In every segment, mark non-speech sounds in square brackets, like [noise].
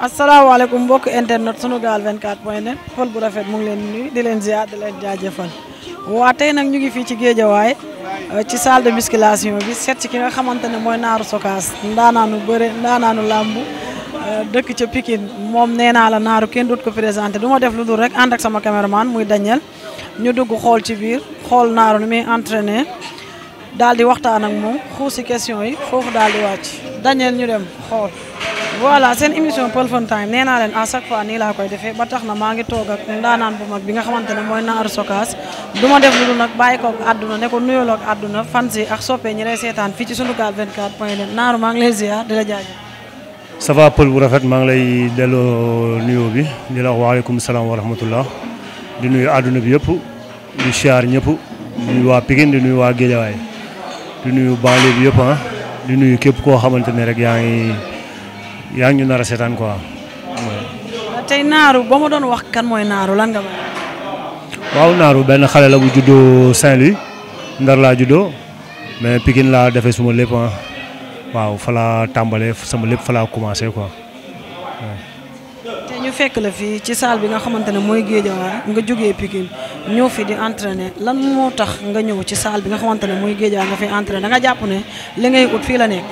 asalaamaaleykum mbokk internet Sunugal 24 point net fol bu rafet mu ngi leen nuy di leen ziar di leen jaajëfal waa tey nag ñu ngi fii ci géejawaay euh, ci salle de musculation bi seet ci ki nga xamante ne mooy Naaru Sokaas ndaanaanu bëre ndaanaanu làmb euh, dëkk ca Pikine moom nee naa la Naaru kenn doot ko présenté du ma def lu dul rek ànd ak sama caméraman muy Daniel ñu dugg xool ci biir xool Naaru ni muy entraîné daal di waxtaan ak moom xuusi question yi foofu daal di wàcc Daniel ñu dem xool voilà seen émission Peul Fun Time nee naa leen à chaque fois nii laa koy defee ba tax na maa ngi toog ak ndaanaan bu mag bi nga xamante ne mooy Naar Sokaas du ma def lu dul nag bàyyi ko ak àdduna ne ko nuyoo ak àdduna fan ak soppee ñi seetaan fii ci Sunugal 24 point net naaru maa ngi lay a di la jaajëf. ça va bu rafet maa ngi lay delloo nuyoo bi di la wax waaleykum salaam wa rahmatullah di nuyu àdduna bi yëpp di siyaar ñëpp di nuyu nuyu waa Guédiawaye di nuyu banlieue yëpp ah di nuyu képp koo xamante ne rek yaa ngi. yaa ngi ñu a seetaan quoi. tey naaru ba ma doon wax kan mooy naaru lan nga may. waaw naaru benn xale la bu juddoo saint ndar laa juddoo mais Pikine laa defee suma lépp ah waaw fa laa tàmbalee sama lépp fa laa commencé quoi. te ñu fekk la fii ci salle bi nga xamante ne mooy Guédiawaye nga jógee Pikine ñëw fi di entraîner lan moo tax nga ñëw ci salle bi nga xamante ne mooy Guédiawaye nga fi entraîner da nga jàpp ne li ngay ut fii la nekk.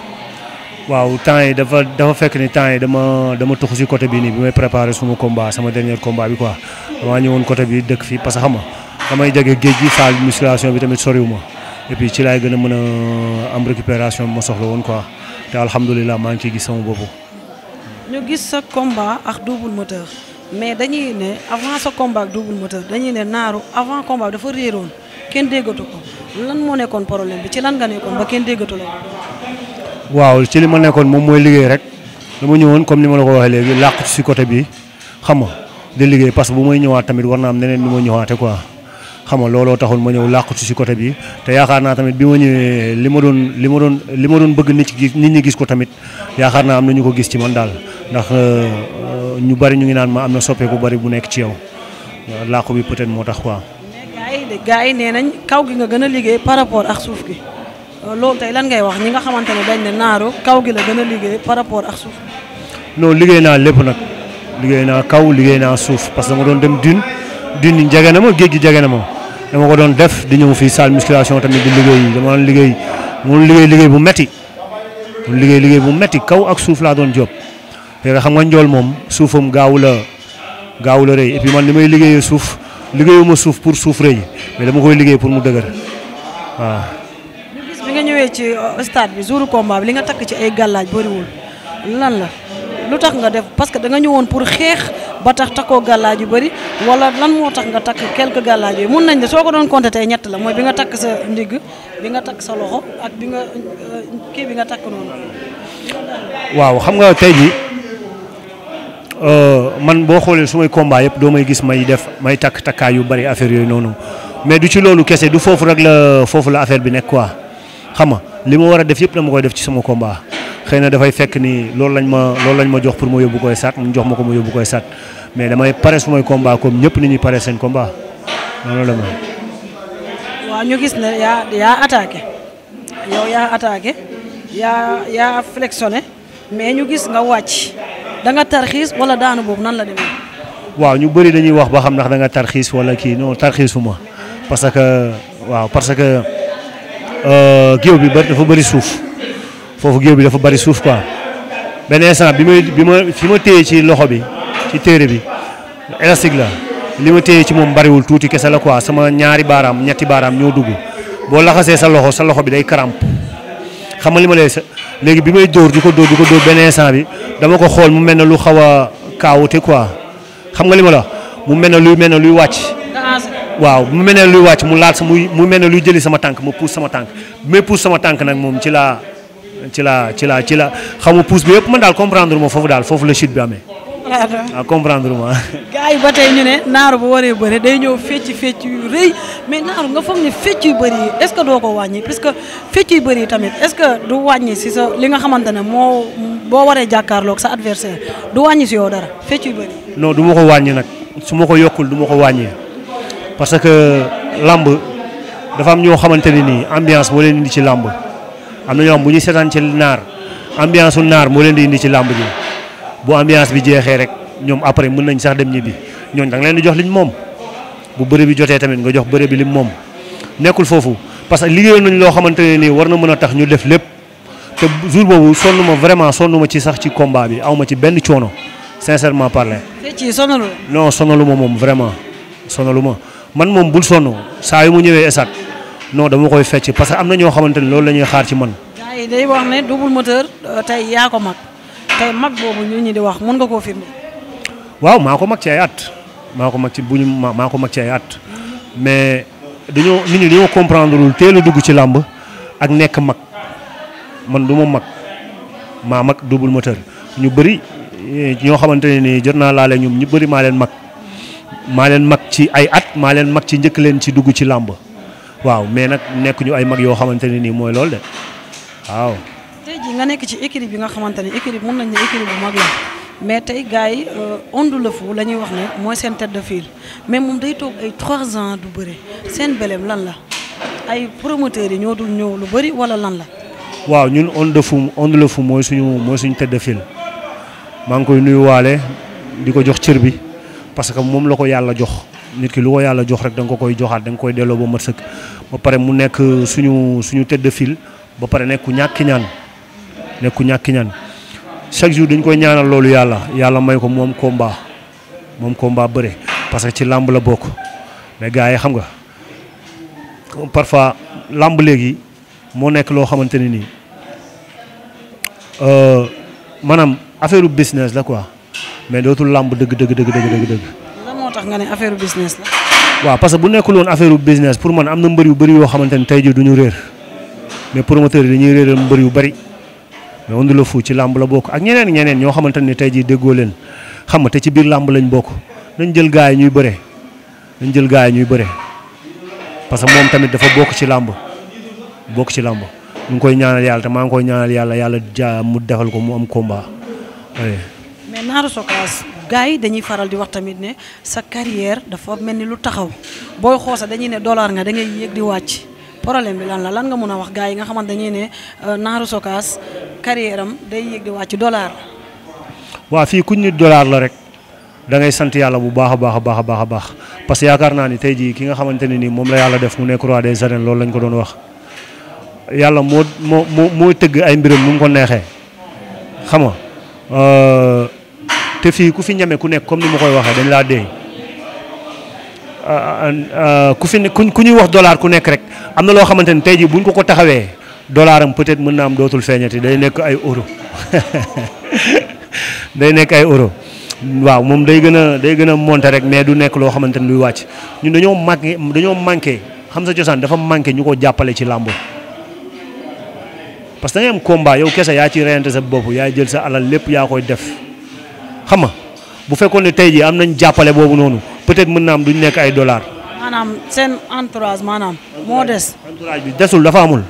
waaw temps yi dafa dafa fekk ni temps yi dama dama tuxu si côté bi nii bi may préparé suma combat sama dernier combat bi quoi damaa woon côté bi dëkk fii parce que xam nga damay jege géej gi salle musculation bi tamit soriwuma et puis ci laay gën a mën a am récupération bi ma soxla woon quoi te alhamdulilah maa ngi ciy gis sama bopp. ñu gis sa combat ak double moteur mais dañuy ne avant sa combat ak double moteur dañuy ne naaru avant combat dafa réeroon kenn déggatu moo nekkoon problème bi kenn déggatu la. waaw ci li ma nekkoon moom mooy liggéey rek dama ñëwoon comme ni ma la ko waxee léegi làq ci côté bi xam nga di liggéey parce que bu may ñëwaat tamit war na am neneen ni ma ñëwaate quoi xam nga looloo taxul ma ñëw làqu ci côté bi te yaakaar naa tamit bi ma ñëwee li ma doon li ma doon li doon bëgg nit ci nit ñi gis ko tamit yaakaar naa am na ñu ko gis ci man daal ndax euh, euh, ñu bari ñu ngi naan ma am na soppee soppeeku bari bu nekk ci yow làqu bi peut-être moo tax quoi. mais a liggéey par Euh, loolu tey lan ngay wax ñi nga xamante dañ ne naaru kaw gi la gën a liggéey par rapport ak suuf. non liggéey naa lépp nag liggéey naa kaw liggéey naa suuf parce que dama doon dem dune dune yi jege na ma na ma dama ko doon def di ñëw fii salle musculation tamit di dama liggéey mu liggéey bu metti liggéey liggéey bu metti kaw ak suuf laa doon job te xam nga njool moom suufam gaaw la gaaw la rëy et puis man li may liggéeyee suuf liggéeyuma suuf pour suuf rëy mais dama koy liggéey pour mu dëgër waaw. ñëwee ci euh, stade bi jouru combat bi li nga takk ci ay gàllaaj bariwul lan la lu tax nga def parce que da nga ñëwoon pour xeex ba tax takkoo gàllaaj yu bari wala lan moo tax nga takk quelques gàllaaj yooyu mun nañ ne soo ko doon compté tey ñett la mooy bi nga takk sa ndigg bi nga takk sa loxo ak bi nga euh, kii bi nga takk noonu. waaw xam nga tey jii euh, man boo xoolee sumay combat yëpp doo may gis may def may takk takkaay bari bëri affaire yooyu noonu mais du ci loolu kese du bi nekk quoi. xam nga li ma war a def yëpp dama koy def ci sama combat xëy na dafay fekk ni loolu lañ ma loolu lañ ma jox pour ma yóbbu koy sat mu jox ma ko ma yóbbu koy sat mais damay pare su may combat comme ñëpp pare seen combat ma. waaw ñu gis ne ñu gis nga wàcc da nga tarxiis wala daanu boobu nan la demee. waaw ñu bari dañuy wax ba xam ndax da nga tarxiis wala kii non tarxiisu ma parce que waaw parce que. Euh, géew bi bari dafa bëri suuf foofu géew bi dafa bëri suuf quoi benn instant bi may bi ma fi ma téye ci loxo bi ci téere bi élastique la li ma téye ci moom bariwul tuuti kese la quoi sama ñaari baaraam ñetti baaraam ñoo dugg boo laxasee sa loxo sa loxo bi day karamp xam nga li ma lay sa léegi bi may dóor di ko dóor di ko dóor benn instant bi dama ko xool mu mel ne lu xaw a kaawute quoi xam nga li ma la mu mel ne luy mel ne luy wàcc. waaw mu mel ne luy wàcc mu laal sa muy mu mel ne luy jëli sama tànk ma puus sama tànk mais puus sama tànk nag moom ci laa ci laa ci laa ci la xamu puus bi yëpp man daal comprendre ma foofu daal foofu la chute bi amee. waaw ah, comprendre ma. [laughs] gars yi ba tey ñu ne naaru bu waree bëri day ñëw fecc fecc yu rëy mais naaru nga foog ne fecc yu bëri yi est ce que doo ko wàññi parce que fecc yu bëri yi tamit est ce que du wàññi si sa li nga xamante ne moo boo waree jàkkaarloog sa adversaire du wàññi si yow dara fecc yu bëri. non du ma ko wàññi nag su ma ko yokkul du ma ko wàññi parce que làmb dafa am ñoo xamante ne nii ambiance moo leen indi ci làmb am na ñoo xam bu ñu seetaan ci naar ambiance su naar moo leen di indi ci làmb bi bu ambiance bi jeexee rek ñoom après mën nañ sax dem ñibbi ñoom da nga leen di jox liñ moom bu bëre bi jotee tamit nga jox bëre bi lim moom nekkul foofu parce que liggéeyoon nañ loo xamante ne nii war na mën a tax ñu def lépp te jour boobu sonn ma vraiment sonn ma ci sax ci combat bi aw ma ci benn coono sincèrement parler. non sonalu ma moom vraiment sonalu ma. man moom bul sonn saa yu mu ñëwee esat non dama koy fecc parce que am na ñoo xamante ne loolu la ñuy xaar ci man. gars yi day wax ne double moteur euh, tey yaa ko mag tey mag boobu ñu ñi di wax mun nga koo firnde. waaw maa ko mag ci ay at maa ko bu ñu maa ko mag at mais dañoo nit ñi dañoo comprendre lul teel a dugg ci làmb ak nekk mag man du ma mag maa mag double moteur ñu bëri eh, ñoo xamante ne nii jot naa laale ñoom ñu bari maa leen mag. maa leen mag ci ay at maa leen mag ci njëkk leen ci dugg ci làmb waaw mais nag nekkuñu ay mag yoo xamante ne nii mooy loolu de waaw. tey jii nga nekk ci équipe bi nga xamante ne équipe mën nañ ne équipe bu mag la mais tey gars yi euh, Onde Le Fou la ñuy wax ne mooy seen tête de file mais moom day toog ay 3 ans du bëre seen beleem lan la ay promoteurs yi ñoo dul ñëw lu bëri wala lan la. waaw ñun Onde Le Fou Onde Le mooy suñu mooy suñu tête de file maa ngi koy nuyuwaale di ko jox cër bi. parce que moom la ko yàlla jox nit ki lu ko yàlla jox rek da nga ko koy joxaat da koy delloo ba mat sëkk ba pare mu nekk suñu suñu tëdd fil ba pare nekku ñàkki ñaan nekku ñàkki ñaan chaque jour dañ koy ñaanal loolu yàlla yàlla may ko moom combat moom combat bëre parce que ci làmb la bokk mais gars yi xam nga parfois làmb léegi moo nekk loo xamante ne nii euh, maanaam affaire business la quoi. mais dootul làmb dëgg dëgg dëgg dëgg dëgg. lan moo tax affaire business la. waaw parce que bu nekkul woon affaire business pour man am na mbër yu bëri yoo xamante ne tey jii du ñu réer mais promoteur yi dañuy réeral mbër yu bëri mais Onde Le Fou ci làmb la bokk ak ñeneen ñeneen ñoo xamante ne tey jii déggoo leen xam nga te ci biir làmb lañ bokk nañ jël gars yi ñuy bëre nañ jël gars yi ñuy bëre parce que moom tamit dafa bokk ci làmb bokk ci làmb ñu ngi koy ñaanal yàlla te maa ngi koy ñaanal yàlla yàlla jaa mu defal ko mu am combat. mais Naaru Sokaas gars yi dañuy faral di wax tamit ne sa carrière dafa mel ni lu taxaw booy xoosa dañuy ne dollar nga da ngay yéeg di wàcc problème bi lan la lan nga mën a wax gars yi nga xamante dañuy ne euh, Naaru Sokaas carrière am day yéeg di wàcc dollar la. waaw fii kuñ nit dollar la rek da ngay sant yàlla bu baax a baax a baax a a baax parce que yaakaar naa ni tey jii ki nga xamante ne nii moom la yàlla def mu nekk roi des arènes loolu lañ ko doon wax yàlla moo moo moo tëgg ay mbiram mu ko neexee xam nga. Euh, te fii ku fi ñeme ku nekk comme ni ma koy waxee dañ laa dee ah, ah, ah, ku fi ne ku ñuy wax dollar ku nekk rek am na loo xamante ni tey jii buñ ko ko taxawee dollar am peut-être mën naa am dootul feeñati day nekk ay euro [laughs] day nekk ay euro waaw moom day gën a day gën a monter rek mais du nekk loo xamante ni luy wàcc ñun dañoo manqué dañoo manqué xam sa cosaan dafa manqué ñu ko jàppale ci làmb parce que da ngay am combat yow kese yaa ci reyante sa bopp yaa jël sa alal lépp yaa koy def. xam nga bu fekkoon ne tey jii am nañ jàppale boobu noonu peut-être mën naa am duñ nekk ay dollars. maanaam seen entourage maanaam. moo des entourage bi desul dafa amul.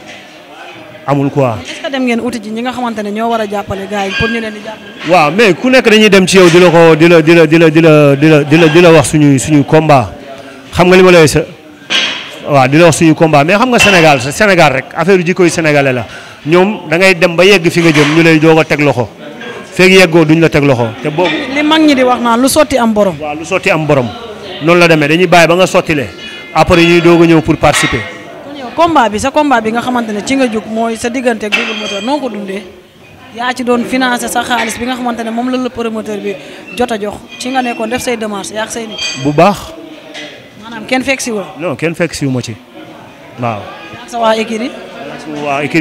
amul quoi. est-ce que dem ngeen uti ji ñi nga xamante ne ñoo war a jàppale gars yi pour ñu leen di jàppale. mais ku nekk dañuy dem ci yow di la ko di la di la di la di la di wax suñuy suñuy combat xam nga li ma lay sa waaw di la wax suñuy combat mais xam nga Sénégal sa Sénégal rek affaire jikko yi sénégalais la ñoom da ngay dem ba yegg fi nga jëm ñu lay doog a teg loxo. feeg yeggoo duñ la teg loxo te boobu. li mag ñi di wax naan lu sotti am borom. lu sotti am borom noonu la demee dañuy bàyyi ba nga sottile après ñuy doog ñëw pour participer. combat bi sa combat bi nga xamante ne ci nga jóg mooy sa diggante ak Double Moteur noo ko dundee yaa ci doon financé sa xaalis bi nga xamante ne moom la la promoteur bi jot a jox ci nga nekkoon def say démarches yaa say nit. bu baax. kenn fekk si kenn fekk si ma ci waaw. yaa sa waa écurie.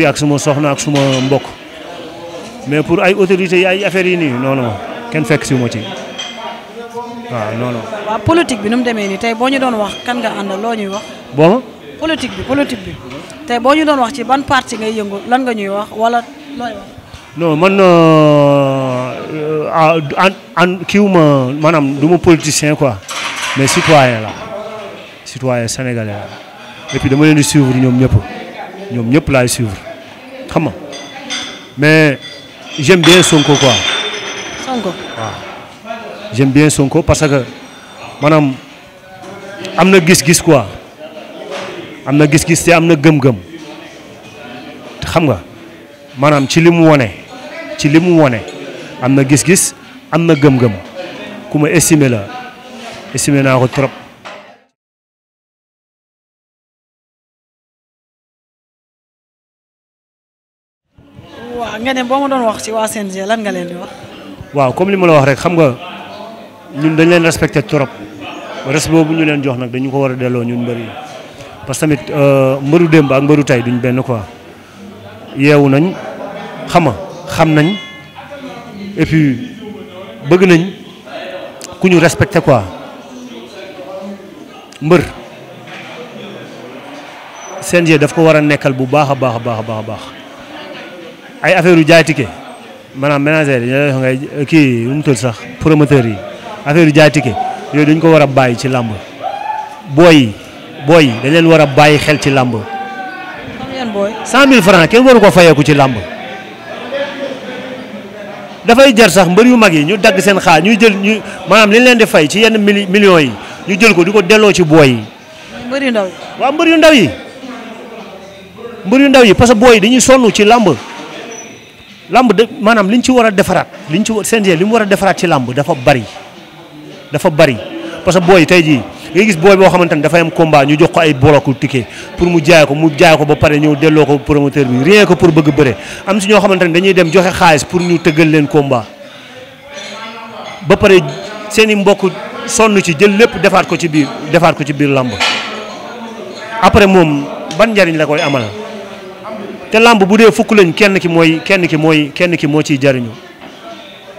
yaa ak suma soxna ak suma mbokk. mais pour ay autorités yi ay affaires yi nii non kenn fekk si ma ci waaw non non. bi nu demee nii tey boo ñu doon wax kan nga àndal loo ñuy wax. bon. politique bi politique bi tey boo ñu doon wax ci ban parti ngay yëngu lan ga ñuy wax wala looy wax. non man euh, euh, ah an kiiw ma maanaam du ma politicien quoi mais citoyen la citoyen sénégalais la et puis dama leen di suivre ñoom ñëpp ñoom ñëpp laay suivre xam j'aime bien Sonko quoi. Sonko waaw. j'aime bien Sonko parce que maanaam am na gis-gis quoi am na gis-gis te am na gëm-gëm xam nga maanaam ci li mu wone ci li mu wone am na gis-gis am na gëm-gëm ku ma estimé la estimé naa ko trop. nga ne boo ma wax ci waa lan nga leen waaw comme li ma la wax rek xam nga ñun dañ leen respecté trop respect boobu ñu leen jox nag dañu ko war a delloo ñun mbër yi parce que tamit euh, mbëru démb ak mbëru tey duñ benn quoi yeewu nañ xama xam nañ et bëgg nañ ku ñu respecté quoi mbër CNG daf ko war a nekkal bu baax a baax a baax a baax. ay affaire yu jaay ticket maanaam manager yi kii lu sax promoteur yi affaire yu jaay ticket yooyu dañ ko war a bàyyi ci làmb booy yi booy dañ leen war a bàyyi xel ci làmb. cent mille francs waru ko fayeeku ci làmb dafay jar sax mbër yu mag yi ñu dagg seen xaar ñuy jël ñu maanaam li leen di fay ci yenn mili millions yi ñu jël ko di ko delloo ci booy yi. mbër yu ndaw yi. waaw yu ndaw yi. mbër yu ndaw yi parce que booy yi dañuy ci làmb. làmb de maanaam ñu ci war a defaraat ñu ci CNG li mu war a defaraat ci làmb dafa bari dafa bari parce que booy tey jii nga gis booy boo xamante ne dafay am combat ñu jox ko ay boloku ticket pour mu jaay ko mu jaay ko ba pare ñëw delloo ko promoteur bi rien ko pour bëgg bëre am si ñoo xamante ne dañuy dem joxe xaalis pour ñu tëggal leen combat ba pare seen i mbokk sonn ci jël lépp defaat ko ci biir defaat ko ci biir làmb après moom ban njariñ la koy amal. te làmb bu dee fukk lañ kenn ki mooy kenn ki mooy kenn ki moo ciy jariñu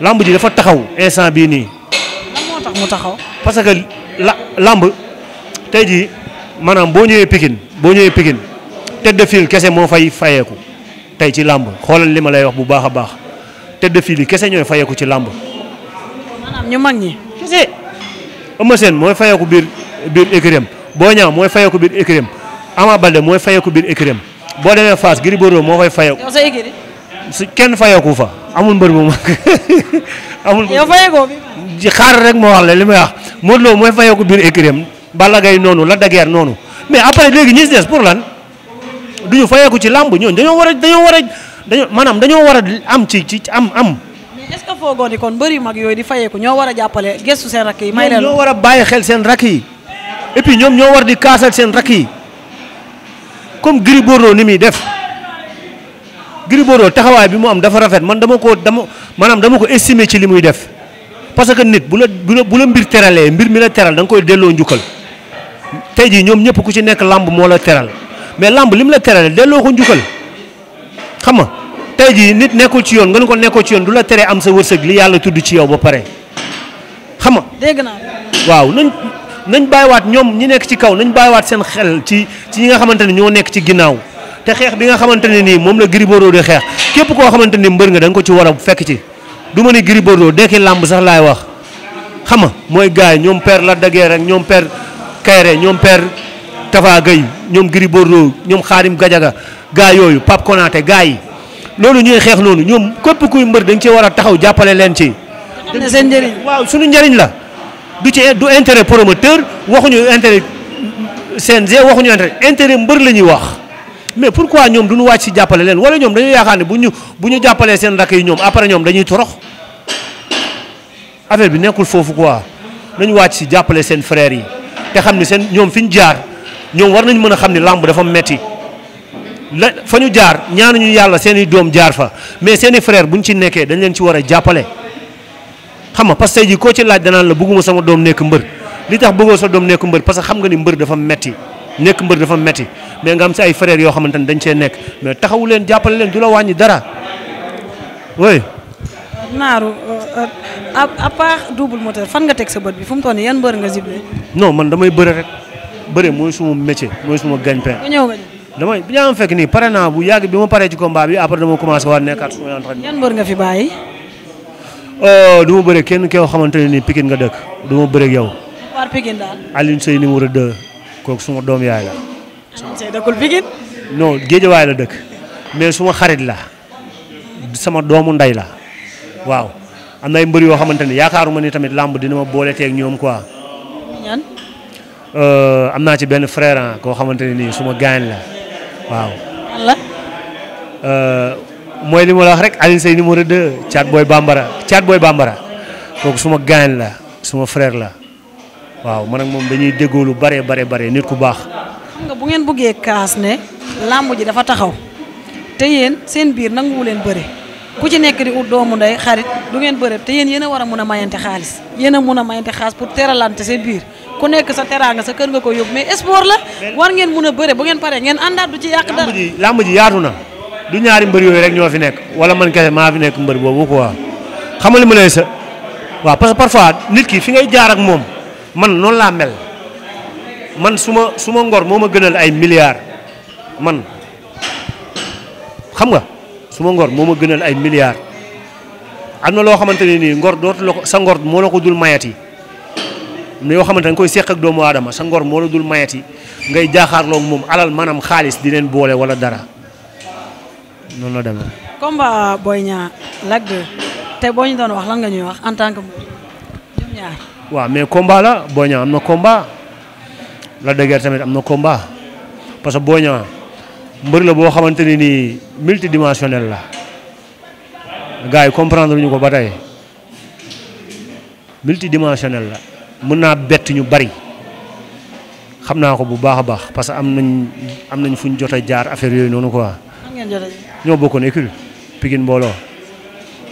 làmb ji dafa taxaw instant bii nii. lan moo taxaw. parce que la làmb tey jii maanaam boo ñëwee Pikine boo ñëwee pikin tête de kese moo fay fayeeku tey ci làmb xoolal li ma lay wax bu baax a baax tête de file yi kese ñooy fayeeku ci làmb. maanaam ñu mag ñi. kese Eumeu Sène mooy fayeeku biir biir écurie am Boy Niang mooy fayeeku biir écurie am Ama Baldé mooy fayeeku biir écurie boo demee Fass Gris Bordeaux moo fay fayoo. yow kenn fayeeku fa amul mbër bu [laughs] mag amul. yow fayeekoo bi. xaar rek moo wax la li may wax moo Lo mooy fayeeku biir écurie bala Balla noonu la de noonu mais après léegi ñi si des pour lan du ñu fayeeku ci làmb ñooñu dañoo war a dañoo war a dañoo maanaam dañoo war a am ci ci am am. mais est ce kon mbër yu mag yooyu di fayeeku ñoo war a jàppale gëstu seen rakk yi. may leen ñoo war a bàyyi xel seen rakk yi et puis ñoom ñoo war di kaasal seen rakk yi. comme Gris Bordeaux ni muy def Gris taxawaay bi mu am dafa rafet man dama ko dama maanaam dama ko estimer ci li muy def parce que nit bu la bu la mbir teralee mbir mi la teral da nga koy delloo njukkal tey jii ñoom ñëpp ku ci nekk làmb moo la teral mais làmb li mu la teralee delloo ko njukkal xam nga tey jii nit nekkoo ci yoon nga ne ko nekkoo ci yoon du la teree am sa wërsëg li yàlla tudd ci yow ba pare xam nga. waaw nañ bàyyiwaat ñoom ñi nekk ci kaw nañ bàyyiwaat seen xel ci ci ñi nga xamante ne ñoo nekk ci ginnaaw te xeex bi nga xamante ne nii moom la Gris de xeex képp koo xamante ni mbër nga da ko ci war a fekk ci du ma ni Gris làmb sax laay wax xam nga mooy gars ñoom père Lac de rek ñoom père Kayre ñoom père Tafa Gueye ñoom Gris Bordeaux ñoom xaarim gajaga gars yooyu Pape Konaté gars yi loolu ñuy xeex noonu ñoom képp kuy mbër dañ ci war a taxaw jàppale leen ci. am seen waaw suñu njëriñ la. du ci du intérêt promoteur waxuñu intérêt CNG waxuñu intérêt intérêt mbër la ñuy wax mais pourquoi ñoom du ñu wàcc ci jàppale leen wala ñoom dañuy yaakaar ne bu ñu bu ñu jàppalee seen rakk yi ñoom après ñoom dañuy torox affaire bi nekkul foofu quoi nañu wàcc si jàppale seen frères yi te xam ni seen ñoom fi ñu jaar ñoom war nañu mën a xam ni làmb dafa metti la fa ñu jaar ñu yàlla seen i doom jaar fa mais seeni i bu ñu ci nekkee dañ leen ci war a jàppale. xam nga parce que tey jii koo ci laaj danaan la bëgguma sama doom nekk mbër li tax bëggoo sa doom nekk mbër parce que xam nga ni mbër dafa metti nekk mbër dafa metti mais nga ay frères yoo xamante ne dañ cee nekk mais taxawu leen jàppale leen du la wàññi dara oui. naaru euh, euh, fan nga teg sa bët bi fu mu toll nii yan mbër nga zible. non man damay bëre rek bëre mooy suma métier mooy suma gagne-pain. ñëw nga damay bi nga fekk nii pare naa bu yàgg bi ma paree ci combat bi après dama commencé waat nekkaat su ma yan mbër nga fi bàyyi. Oh, du ma bëre kenn koo xamante ne nii Pikine nga dëkk du ma bëre ak yow. par Pikine daal. Alioune Seye suma doom yaay la. dëkk mais suma xarit la sama doomu ndey la waaw am na ay mbër yoo xamante ne yaakaaruma ni tamit làmb dina ma boole teeg ñoom quoi. Euh, am naa ci benn frère koo xamante ne nii suma gaañ la waaw. mooy li ma rek Alioune Seye numéro 2 Thiat Boy Bambara Thiat Boy Bambara kooku suma gaañ la suma frère la waaw man ak moom dañuy déggoo lu bare bare bare nit ku baax. bu ngeen bëggee kaas ne làmb ji dafa taxaw te yéen seen biir nanguwu leen bëre ku ci nekk di ut doomu ndey xarit du ngeen bëre te yéen yéen a war a mun a mayante xaalis yéen a mun a mayante xaalis pour teralante seen biir. ku nekk sa teraanga sa kër nga ko yóbbu mais sport la war ngeen mun a bëre bu ngeen paree ngeen àndaat ci yàq ji yaatu na. du ñaari mbër yooyu rek ñoo fi nekk wala man kese maa fi nekk mbër boobu quoi xamal li ma lay sa waaw parce parfois nit ki fi ngay jaar ak moom man noonu laa mel man suma suma su ma ngor moo ma gënal ay milliards man xam nga su ngor moo ma gënal ay milliards am na loo xamante ne nii ngor dootu la ko sa ngor moo la ko dul mayati mais yoo xamante ne koy seq ak doomu aadama sa ngor moo la dul mayati ngay jaaxaarloo moom alal maanaam xaalis di leen boole wala dara. noonu la demee. combat Boy Niang Lac te boo ñu doon wax lan nga ñuy wax en tant que ñoom ñaar. waaw mais combat la Boy Niang am na combat Lac de tamit am na combat parce que Boy Niang mbër la boo xamante ne nii dimensionnel la gars yi comprendre ñu ko ba tey multidimensionnel la mën naa bett ñu bari xam naa ko bu baax a baax parce que am nañ am nañ fu ñu jot a jaar affaire yooyu noonu quoi. ngeen jotee ñoo bokkoon écurie Pikine mbooloo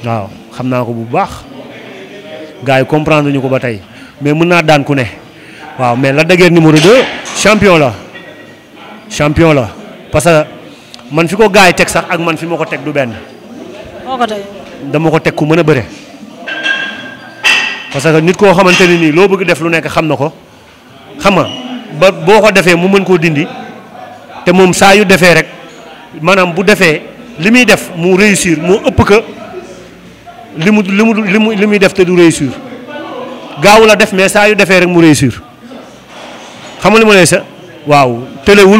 waaw xam naa ko bu baax gars yi comprendre ñu ko ba tey mais mën naa daan ku ne waaw mais Lac de Guiers numéro 2 champion la champion la parce que man fi ko gars yi teg sax ak man fi ma ko teg du benn. dama ko teg ku mën a bëre. parce que nit koo xamante ne nii loo bëgg def lu nekk xam na ko xam nga ba boo ko defee mu mën koo dindi te moom saa yu defee rek. maanaam bu defee li muy def mu réussir moo ëpp que li mu li mu li mu li muy def te du réussir gaaw la def mais saa yu defee rek mu réussir xam nga li ma lay sa waaw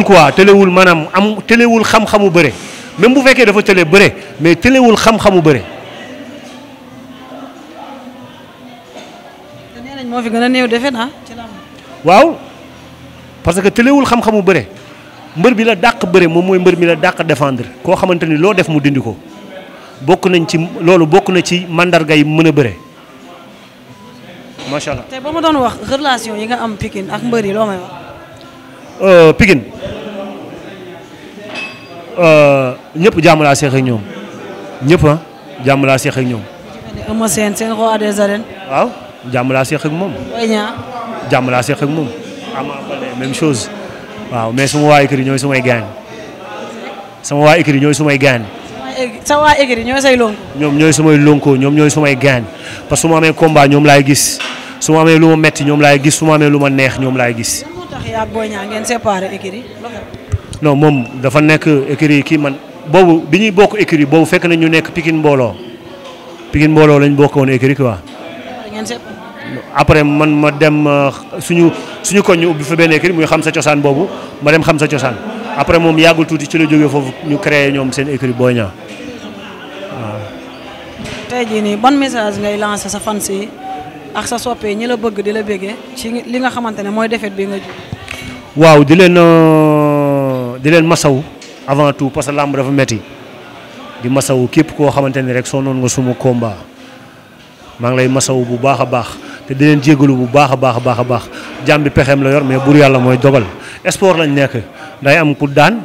ko waa tëlewul maanaam am tëlewul xam-xamu bëre même bu fekkee dafa tële bëre mais tëlewul xam-xamu bëre. nee nañ moo fi gën a ah, parce que tëlewul xam-xamu bëre. mbër bi la dàq bëre moom mooy mbër mi la dàq defendre koo xamante ni loo def mu dundi ko bokk nañ ci loolu bokk na ci mandarga yi mën a bëre macha allah. tey ba ma doon wax relation yi nga am Pikine ak mbër yi loo may wax. Euh, Pikine euh, ñëpp jàmm laa seex ak ñoom ñëpp ah, jàmm laa seex ak ñoom. Eumeu Sène jàmm laa seex ak moom. Boy Niang. jàmm laa seex ak moom. Ama waaw mais suma waa écurie ñooy sumay gaañ sama waa écurie ñooy sumay gaañ sa waa écurie ñooy say lonko ñoom ñooy sumay lonko ñoom ñooy sumay gaañ parce que su ma amee combat ñoom laay gis su ma amee lu ma metti ñoom laay gis su ma amee lu ma neex ñoom laay gis non moom dafa nekk yi kii man boobu bi ñuy bokk écurie boobu fekk na ñu nekk pikin mbooloo Pikine mbooloo lañ bokkoon écurie quoi après man ma dem euh, suñu suñu koñ ubbi fa benn écurie muy xam sa cosaan boobu ma dem xam sa cosaan après moom yàggul tuuti ci la jóge foofu ñu créé ñoom seen écurie boo Niang waaw. tey jii nii ban message ngay lancé sa fans yi sa soppe ñi la bëgg di la ci li nga xamante ne mooy défaite bi nga ji. leen di leen euh, masaw avant tout parce que làmb dafa metti di masaw képp koo xamante ni rek soo noon nga suma combat maa ngi lay masaw bu baax a baax te di leen bu baax a baax a baax a baax jàmm bi pexeem la yor mais buur yàlla mooy dogal sport lañ nekk day am ku daan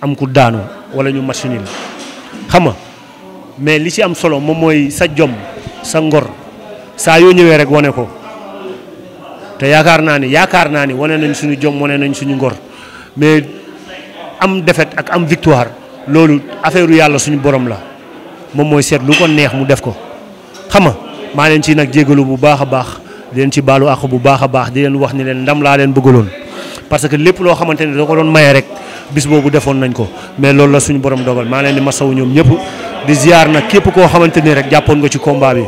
am ku daanu wala ñu machine la xam nga mais li ci am solo moom mooy sa jom sa ngor saa yoo ñëwee rek wane ko te yaakaar naa ni yaakaar naa ni wane nañ suñu jom wane nañ suñu ngor mais am défaite ak am victoire loolu affaire yàlla suñu borom la moom mooy seet lu ko neex mu def ko xam maa leen ci nag jégalu bu baax a baax di leen ci baalu a baax di leen wax ni leen ndam laa leen bëggaloon parce que lépp loo xamante ne ko doon maye rek bis boobu defoon nañ ko mais loolu la suñu borom dogal maa leen di masawu ñoom ñëpp di képp koo xamante ni rek jàppoon nga ci combat bi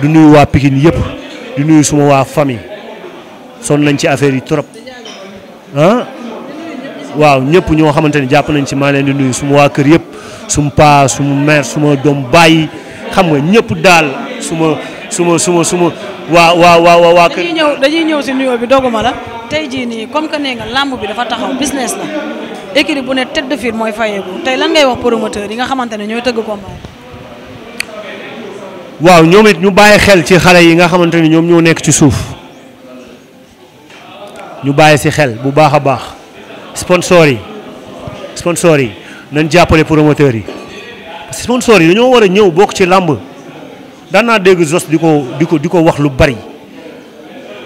du nuyu waa Pikine yëpp du nuyu suma waa ci affaire yi trop ah waaw ñëpp ñoo xamante ni jàpp nañ ci maa leen di nuyu suma waa kër yëpp suma paa suma mère suma doom bàyyi xam nga ñëpp daal suma suma suma suma waa waa waa waa. dañuy ñëw dañuy ñëw si nuyoo bi doguma la tey jii nii comme que nee nga làmb bi dafa taxaw business la écurie bu ne tête de file mooy fayeeku tey lan ngay wax promoteur yi nga xamante ne ñooy tëgg combat. waaw ñoom ñu bàyyi xel ci xale yi nga xamante ni ñoom ñoo nekk ci suuf ñu bàyyi si xel bu baax a baax sponsor yi sponsor yi nañ jàppale promoteurs yi sponsor yi dañoo war a ñëw bokk ci làmb. daan naa dégg Zoss di ko di ko di ko wax lu bari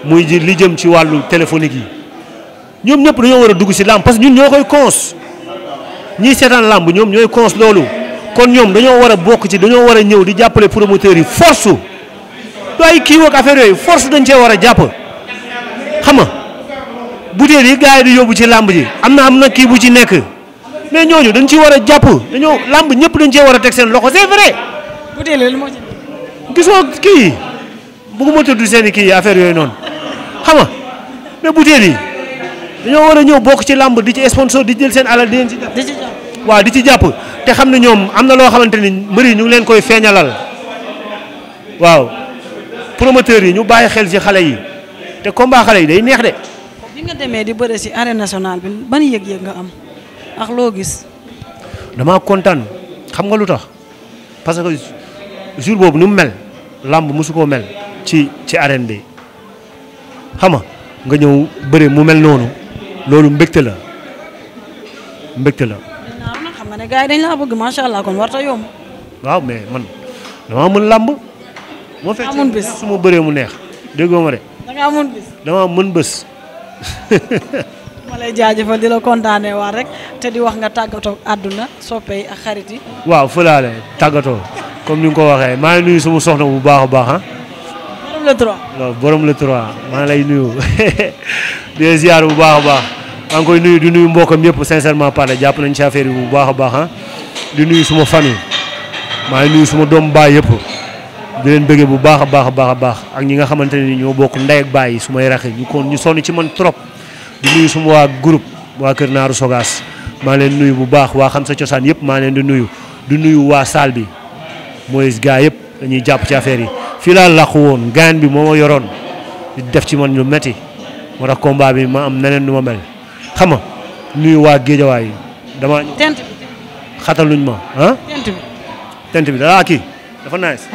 muy jiir li jëm ci wàllu téléphonique yi ñoom ñëpp dañoo war a dugg ci làmp parce que ñun ñoo koy cons ñiy seetaan làmb ñoom ñooy cons loolu kon ñoom dañoo war a bokk ci dañoo war a ñëw di jàppale promoteurs yi force du ay kii ak affaire yooyu force dañ cee war a jàpp xam nga butéel yi gars yi di yóbbu ci làmb ji am na am na kii bu ci nekk mais ñooñu dañ ci war a jàpp dañoo làmb ñëpp dañ cee war a teg seen loxo c'est vrai butéel gisoo kii yi bëgguma tudd seen kii yi affaire yooyu noonu xam nga mais butéel yi dañoo war a ñëw bokk ci làmb di ci sponsor di jël seen alal di leen ci waaw di ci jàpp te xam ne ñoom am na loo xamante ni mbër yi ñu leen koy feeñalal waaw promoteurs yi ñu bàyyi xel ci xale yi te combat xale yi day neex de. bi nga demee di bëre si arène nationale bi ban yëg-yëg nga am ak loo gis. damaa kontaan xam nga lu tax parce que. jour boobu ni mu mel làmb mosu koo mel ci ci arène bi xam nga nga ñëw bëre mu mel noonu loolu mbégte la mbégte la. xam nga ne gars bëgg macha allah kon war ta yomb. waaw mais man dama mën làmb. moo fekk amoon bëree mu neex déggoo ma de. da mën bës [laughs] ma lay jaajëfal di la kontaanee waat rek te di wax nga tàggatoo àdduna soppey ak xarit yi. waaw fëlaale tàggatoo. comme ni nga ko waxee maa ngi nuyu suma soxna bu baax a baax ah. borom le 3. maa ngi lay nuyu [laughs] di ziar bu baax a baax maa ngi koy nuyu di nuyu mbokkam yëpp sincèrement parlé jàpp nañ ci affaire bu baax a baax ah. di nuyu suma famille maa ngi nuyu suma doom baay yëpp. di leen bëggee bu baax a baax a baax a baax ak ñi nga xamante ne ñoo bokk ndey ak baay yi su may raxe ñu kon ñu sonn ci man trop di nuyu suma waa groupe waa Kër Naaru Sogaas maa leen nuyu bu baax waa xam sa cosaan yëpp maa leen di nuyu di nuyu waa saal bi mooy gaa yëpp dañuy jàpp ci affaire yi fii laa làqu woon gaan bi moo ma yoroon def ci man lu metti moo tax combat bi ma am neneen nu ma mel xam nga nuyu waa géejawaay dama xataluñ ma ah? tent bi dalaa ah, kii dafa nice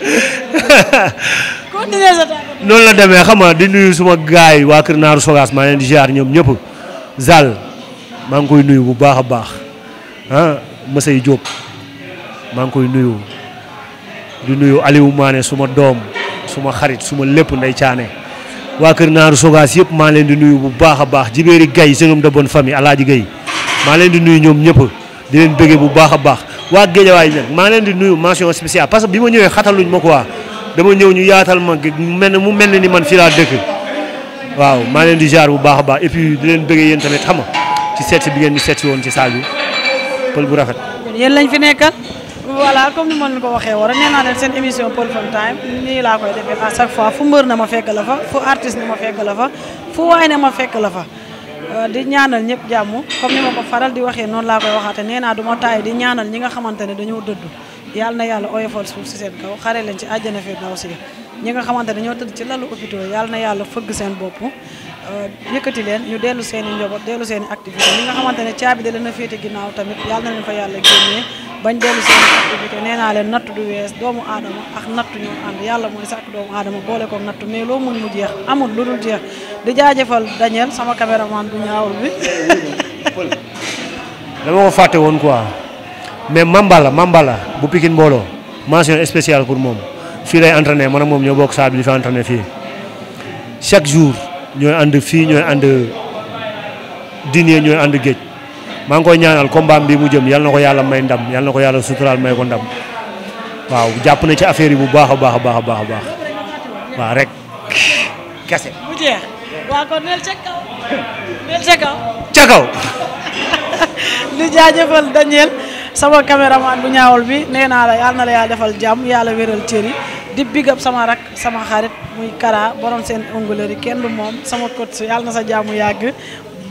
[laughs] noonu la demee xam nga di nuyu suma gaay yi waa Kër Naaru Sogaas maa leen di ziar ñoom ñëpp Zal maa ngi koy nuyu bu baax a baax ah Masey Diop maa ngi koy nuyu di nuyu Aliou Mané suma doom suma xarit suma lépp nday caane waa Kër Naaru Sogaas yëpp maa leen di nuyu bu baax a baax Jibéeri Gaye seen homme de bonne famille Alaaji Gaye maa leen di nuyu ñoom ñëpp di leen bëggee bu baax baax waa Géejawaay nag maa leen di nuyu mention spéciale parce que bi ma ñëwee xataluñ ma quoi. dama ñëw ñu yaatal ma mel mu mel ni man fii laa dëkk waaw maa leen di jaar bu baax a baax et puis leen bëggee yéen tamit xam ci seet bi ngeen di seet si woon ci saal bi pël bu rafet. yéen lañ fi nekkal. voilà comme ni ma leen ko waxee woon nee naa leen seen émission Peul Fun Time nii laa koy defee à chaque fois fu mbër na ma fekk la fa fu artiste na ma fekk la fa fu waay na ma fekk la fa. Euh, di ñaanal ñëpp jàmm comme ni ma ko faral di waxee noonu laa koy waxaate nee naa du ma taay di ñaanal ñi nga xamante ne dañoo dëdd. yàlla na yàlla oyofal suuf si seen kaw xare leen ci àjjana fi daw si ñi nga xamante ne ñoo tëdd ci lalu hôpital yàlla na yàlla fëgg seen bopp euh, yëkkati leen ñu dellu seen i dellu seen i activité ñi nga xamante ne caabi da leen a féete ginnaaw tamit yàlla na leen fa yàlla génnee bañ dellu seen activité nee naa leen nattu du wees doomu aadama ak nattu ñu ànd yàlla mooy sàkk doomu aadama boole ko natt mais loo mun mu jeex amul lu dul jeex di jaajëfal Daniel sama caméraman bu ñaawul bi [laughs] dama ko fàtte woon quoi mais Mambala Mambala bu Pikine mbooloo mention spéciale pour moom fii lay entraîné man moom ñoo bokk salle bi di fa entraîné fii chaque jour ñooy ànd fii ñooy ànd dîner ñooy ànd géej maa ngi koy ñaanal combat bi mu jëm yal na ko yàlla may ndam yal na ko yàlla suturaal may ko ndam waaw jàpp na ci affaire yi bu baax a baax a baax a baax a baax rek [laughs] sama caméraman bu ñaawul bi nee naa la yàlla na defal jàmm yàlla wéral cër yi di big up sama rak sama xarit muy Kara borom seen onglerie kenn du moom sama coach yàlla na sa jàmm yàgg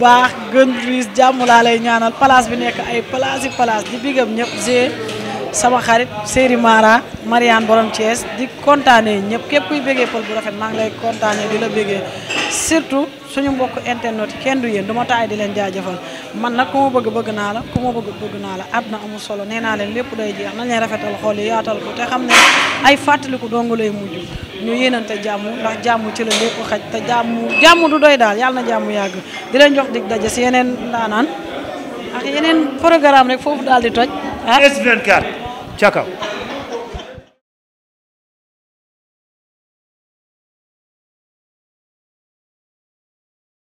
baax gën riis jàmm laa lay ñaanal place bi nekk ay place yi place di big up ñëpp sama xarit Séri Mara Mariane borom Thiès di kontaanee ñëpp képp kuy bëggee pël bu rafet maa ngi lay kontaane di la bëggee surtout suñu mbokk internet kenn du yéen du ma taay di leen jaajëfal man nag ku bëgg bëgg naa la ku ma bëgg bëgg naa la àdduna amul solo nee naa leen lépp day jeex nañ leen rafetal xool yi yaatal ko te xam ne ay fàttaliku dong lay mujj ñu yéenante jàmm ndax jàmm ci la lépp xaj te jàmm jàmm du doy daal yàlla na jàmm yàgg di leen jox dig daje si yeneen ndaanaan ak yeneen programme rek foofu daal di toj ah S24 ca kaw